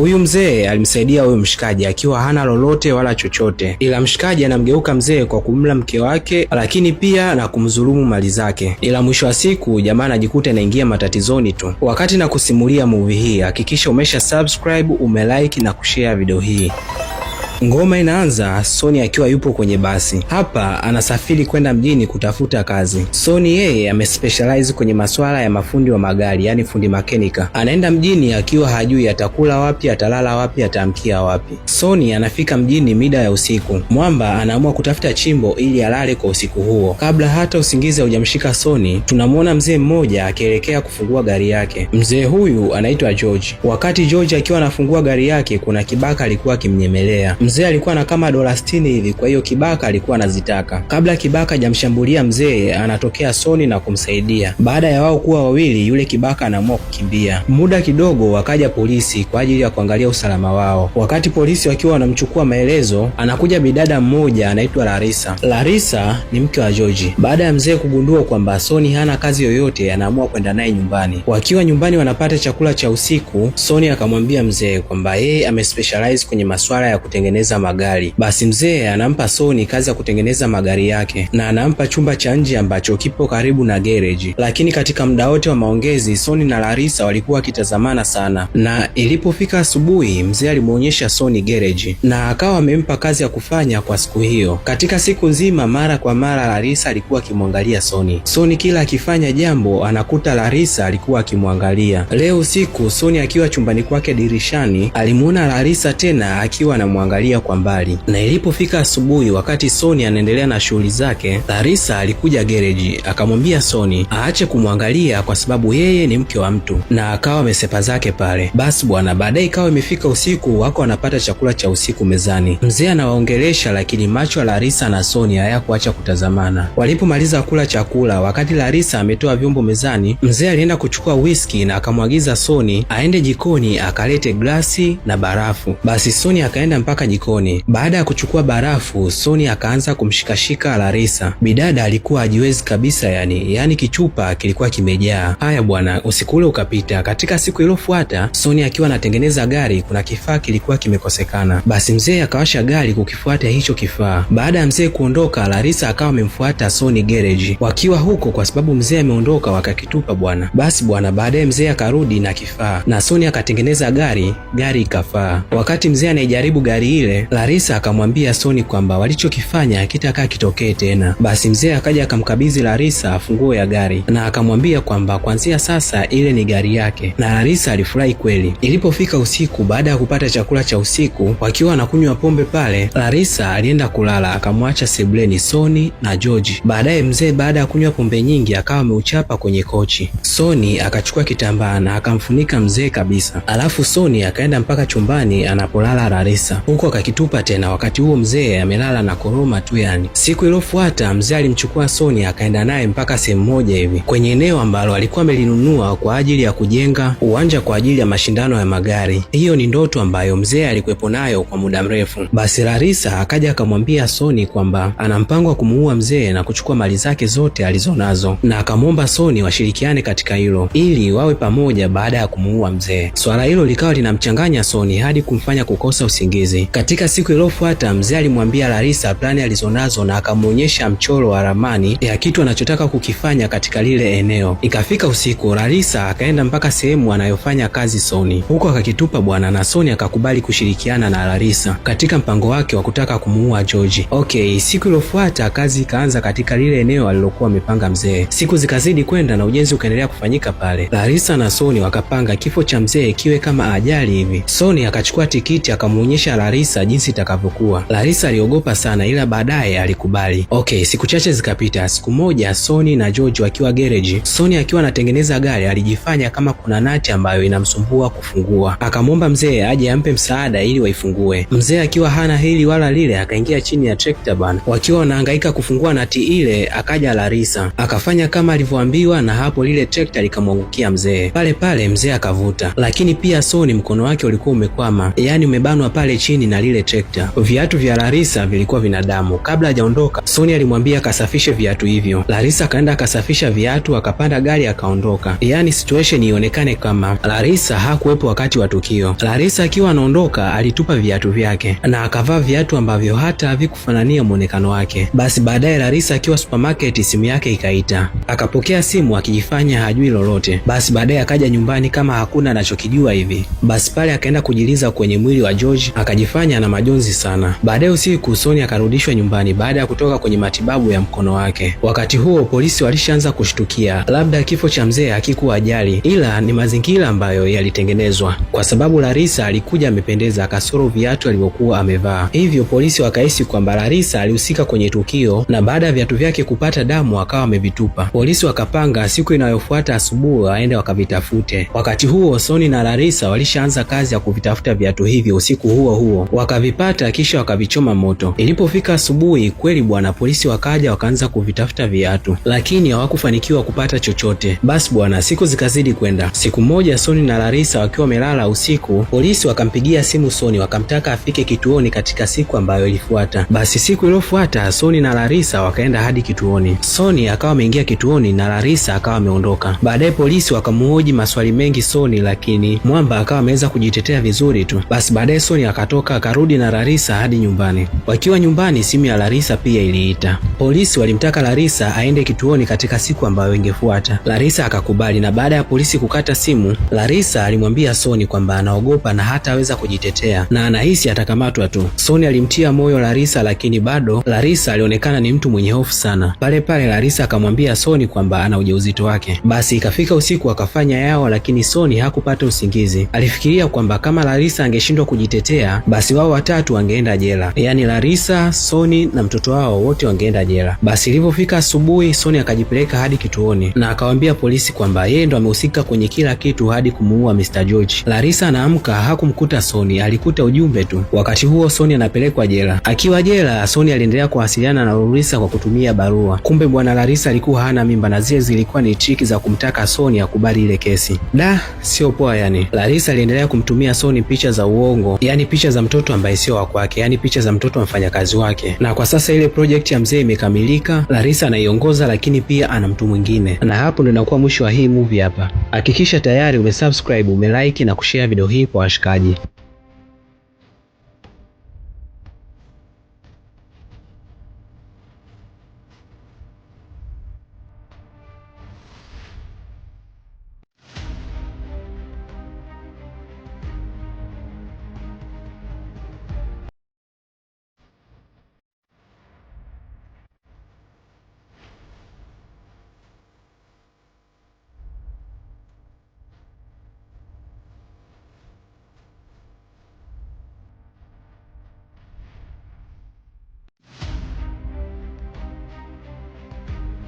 Huyu mzee alimsaidia huyu mshikaji akiwa hana lolote wala chochote, ila mshikaji anamgeuka mzee kwa kumla mke wake, lakini pia na kumdhulumu mali zake, ila mwisho wa siku jamaa anajikuta anaingia matatizoni tu. Wakati na kusimulia movie hii, hakikisha umesha subscribe, umelike na kushare video hii. Ngoma inaanza Soni akiwa yupo kwenye basi. Hapa anasafiri kwenda mjini kutafuta kazi. Soni yeye amespecialize kwenye masuala ya mafundi wa magari, yani fundi makenika. Anaenda mjini akiwa hajui atakula wapi, atalala wapi, ataamkia wapi. Soni anafika mjini mida ya usiku. Mwamba anaamua kutafuta chimbo ili alale kwa usiku huo. Kabla hata usingizi haujamshika Soni, tunamwona mzee mmoja akielekea kufungua gari yake. Mzee huyu anaitwa George. Wakati George akiwa anafungua gari yake, kuna kibaka alikuwa akimnyemelea mzee alikuwa na kama dola 60 hivi, kwa hiyo Kibaka alikuwa anazitaka. Kabla Kibaka hajamshambulia mzee, anatokea Soni na kumsaidia. Baada ya wao kuwa wawili, yule Kibaka anaamua kukimbia. Muda kidogo, wakaja polisi kwa ajili ya kuangalia usalama wao. Wakati polisi wakiwa wanamchukua maelezo, anakuja bidada mmoja anaitwa Larisa. Larisa ni mke wa George. Baada ya mzee kugundua kwamba Soni hana kazi yoyote, anaamua kwenda naye nyumbani. Wakiwa nyumbani wanapata chakula cha usiku, Soni akamwambia mzee kwamba yeye amespecialize kwenye masuala ya kutengeneza kutengeneza magari. Basi mzee anampa Soni kazi ya kutengeneza magari yake na anampa chumba cha nje ambacho kipo karibu na gereji. Lakini katika muda wote wa maongezi, Soni na Larisa walikuwa wakitazamana sana, na ilipofika asubuhi, mzee alimwonyesha Soni gereji na akawa amempa kazi ya kufanya kwa siku hiyo. Katika siku nzima, mara kwa mara Larisa alikuwa akimwangalia Soni. Soni kila akifanya jambo anakuta Larisa alikuwa akimwangalia. Leo usiku, Soni akiwa chumbani kwake dirishani, alimuona Larisa tena akiwa anamwangalia kuifuatilia kwa mbali. Na ilipofika asubuhi, wakati Sony anaendelea na shughuli zake, Tharisa alikuja gereji akamwambia Sony aache kumwangalia kwa sababu yeye ni mke wa mtu, na akawa amesepa zake pale. Basi bwana, baadaye ikawa imefika usiku, wako wanapata chakula cha usiku mezani. Mzee anawaongelesha, lakini macho ya Larisa na Sony hayakuacha kutazamana. Walipomaliza kula chakula, wakati Larisa ametoa vyombo mezani, mzee alienda kuchukua whisky na akamwagiza Sony aende jikoni akalete glasi na barafu. Basi Sony akaenda mpaka jikoni jikoni. Baada ya kuchukua barafu, Soni akaanza kumshikashika Larisa. Bidada alikuwa hajiwezi kabisa, yani yani kichupa kilikuwa kimejaa. Haya bwana, usiku ule ukapita. Katika siku iliyofuata, Soni akiwa anatengeneza gari, kuna kifaa kilikuwa kimekosekana. Basi mzee akawasha gari kukifuata hicho kifaa. Baada ya mzee kuondoka, Larisa akawa amemfuata Soni gereji. Wakiwa huko, kwa sababu mzee ameondoka, wakakitupa bwana. Basi bwana, baadaye mzee akarudi na kifaa na Soni akatengeneza gari, gari ikafaa. Wakati mzee anaijaribu gari ile, Larisa akamwambia Soni kwamba walichokifanya hakitakaa kitokee tena. Basi mzee akaja akamkabidhi Larisa funguo ya gari na akamwambia kwamba kuanzia sasa ile ni gari yake, na Larisa alifurahi kweli. Ilipofika usiku, baada ya kupata chakula cha usiku, wakiwa wanakunywa pombe pale, Larisa alienda kulala, akamwacha sebuleni Soni na George. Baadaye mzee, baada ya kunywa pombe nyingi, akawa ameuchapa kwenye kochi. Soni akachukua kitambaa na akamfunika mzee kabisa, alafu Soni akaenda mpaka chumbani anapolala Larisa huko kidogo kakitupa tena. Wakati huo mzee amelala na koroma tu yani. Siku iliyofuata mzee alimchukua Sonia akaenda naye mpaka sehemu moja hivi kwenye eneo ambalo alikuwa amelinunua kwa ajili ya kujenga uwanja kwa ajili ya mashindano ya magari. Hiyo ni ndoto ambayo mzee alikuwepo nayo kwa muda mrefu. Basi Larisa akaja akamwambia Soni kwamba ana mpango wa kumuua mzee na kuchukua mali zake zote alizonazo, na akamwomba Soni washirikiane katika hilo ili wawe pamoja baada ya kumuua mzee. Swala hilo likawa linamchanganya Soni hadi kumfanya kukosa usingizi. Katika siku iliyofuata, mzee alimwambia Larissa plani alizonazo na akamwonyesha mchoro wa ramani ya kitu anachotaka kukifanya katika lile eneo. Ikafika usiku, Larissa akaenda mpaka sehemu anayofanya kazi Soni, huko akakitupa bwana, na Soni akakubali kushirikiana na Larissa katika mpango wake wa kutaka kumuua George. Okay, siku iliyofuata kazi ikaanza katika lile eneo alilokuwa amepanga mzee. Siku zikazidi kwenda na ujenzi ukaendelea kufanyika pale. Larissa na Soni wakapanga kifo cha mzee kiwe kama ajali hivi. Soni akachukua tikiti akamwonyesha Larissa Larisa jinsi itakavyokuwa. Larisa aliogopa sana, ila baadaye alikubali. Okay, siku chache zikapita. Siku moja Sony na George wakiwa gereji, Sony akiwa anatengeneza gari alijifanya kama kuna nati ambayo inamsumbua kufungua, akamwomba mzee aje ampe msaada ili waifungue. Mzee akiwa hana hili wala lile, akaingia chini ya trekta ban. Wakiwa wanahangaika kufungua nati ile, akaja Larisa akafanya kama alivyoambiwa, na hapo lile trekta likamwangukia mzee pale pale. Mzee akavuta, lakini pia Sony mkono wake ulikuwa umekwama, yaani umebanwa pale chini na lile trekta. Viatu vya Larisa vilikuwa vina damu. Kabla hajaondoka, Soni alimwambia akasafishe viatu hivyo. Larisa akaenda akasafisha viatu, akapanda gari akaondoka. Yaani situation ionekane kama Larisa hakuwepo wakati wa tukio. Larisa akiwa anaondoka, alitupa viatu vyake na akavaa viatu ambavyo hata havikufanania mwonekano wake. Basi baadaye Larisa akiwa supermarket, simu yake ikaita, akapokea simu akijifanya hajui lolote. Basi baadaye akaja nyumbani kama hakuna anachokijua hivi. Basi pale akaenda kujiliza kwenye mwili wa George akajifanya Sonia ana majonzi sana. Baadaye usiku Soni akarudishwa nyumbani baada ya kutoka kwenye matibabu ya mkono wake. Wakati huo polisi walishaanza kushtukia labda kifo cha mzee hakikuwa ajali, ila ni mazingira ambayo yalitengenezwa, kwa sababu Larisa alikuja amependeza kasoro viatu alivyokuwa amevaa. Hivyo polisi wakahisi kwamba Larisa alihusika kwenye tukio, na baada ya viatu vyake kupata damu akawa amevitupa. Polisi wakapanga siku inayofuata asubuhi waende wakavitafute. Wakati huo Soni na Larissa walishaanza kazi ya kuvitafuta viatu hivyo usiku huo huo wakavipata kisha wakavichoma moto. Ilipofika asubuhi, kweli bwana, polisi wakaja wakaanza kuvitafuta viatu, lakini hawakufanikiwa kupata chochote. Basi bwana, siku zikazidi kwenda. Siku moja, Soni na Larisa wakiwa wamelala usiku, polisi wakampigia simu Soni wakamtaka afike kituoni katika siku ambayo ilifuata. Basi siku iliyofuata Soni na Larisa wakaenda hadi kituoni. Soni akawa ameingia kituoni na Larisa akawa ameondoka. Baadaye polisi wakamuhoji maswali mengi Soni, lakini Mwamba akawa ameweza kujitetea vizuri tu. Basi baadaye Soni akatoka akarudi na Larisa hadi nyumbani. Wakiwa nyumbani, simu ya Larisa pia iliita. Polisi walimtaka Larisa aende kituoni katika siku ambayo ingefuata. Larisa akakubali, na baada ya polisi kukata simu, Larisa alimwambia Soni kwamba anaogopa na hataweza kujitetea na anahisi atakamatwa tu. Soni alimtia moyo Larisa, lakini bado Larisa alionekana ni mtu mwenye hofu sana. Pale pale Larisa akamwambia Soni kwamba ana ujauzito wake. Basi ikafika usiku akafanya yao, lakini Soni hakupata usingizi. Alifikiria kwamba kama Larisa angeshindwa kujitetea basi basi wao watatu wangeenda jela, yaani Larisa, Soni na mtoto wao wote wangeenda jela. Basi ilivyofika asubuhi, Soni akajipeleka hadi kituoni na akawaambia polisi kwamba yeye ndo amehusika kwenye kila kitu hadi kumuua Mr. George. Larisa anaamka hakumkuta Soni, alikuta ujumbe tu. Wakati huo Soni anapelekwa jela. Akiwa jela, Soni aliendelea kuwasiliana na Larisa kwa kutumia barua. Kumbe bwana Larisa alikuwa hana mimba na zile zilikuwa ni triki za kumtaka Soni akubali ile kesi. Da, sio poa yani. Larisa aliendelea kumtumia Soni picha za uongo, yani picha za mtoto mtoto ambaye sio wa kwake, yaani picha za mtoto wa mfanyakazi wake. Na kwa sasa ile project ya mzee imekamilika, Larissa anaiongoza, lakini pia ana mtu mwingine. Na hapo ndo inakuwa mwisho wa hii movie hapa. Hakikisha tayari umesubscribe, umelike na kushare video hii kwa washikaji.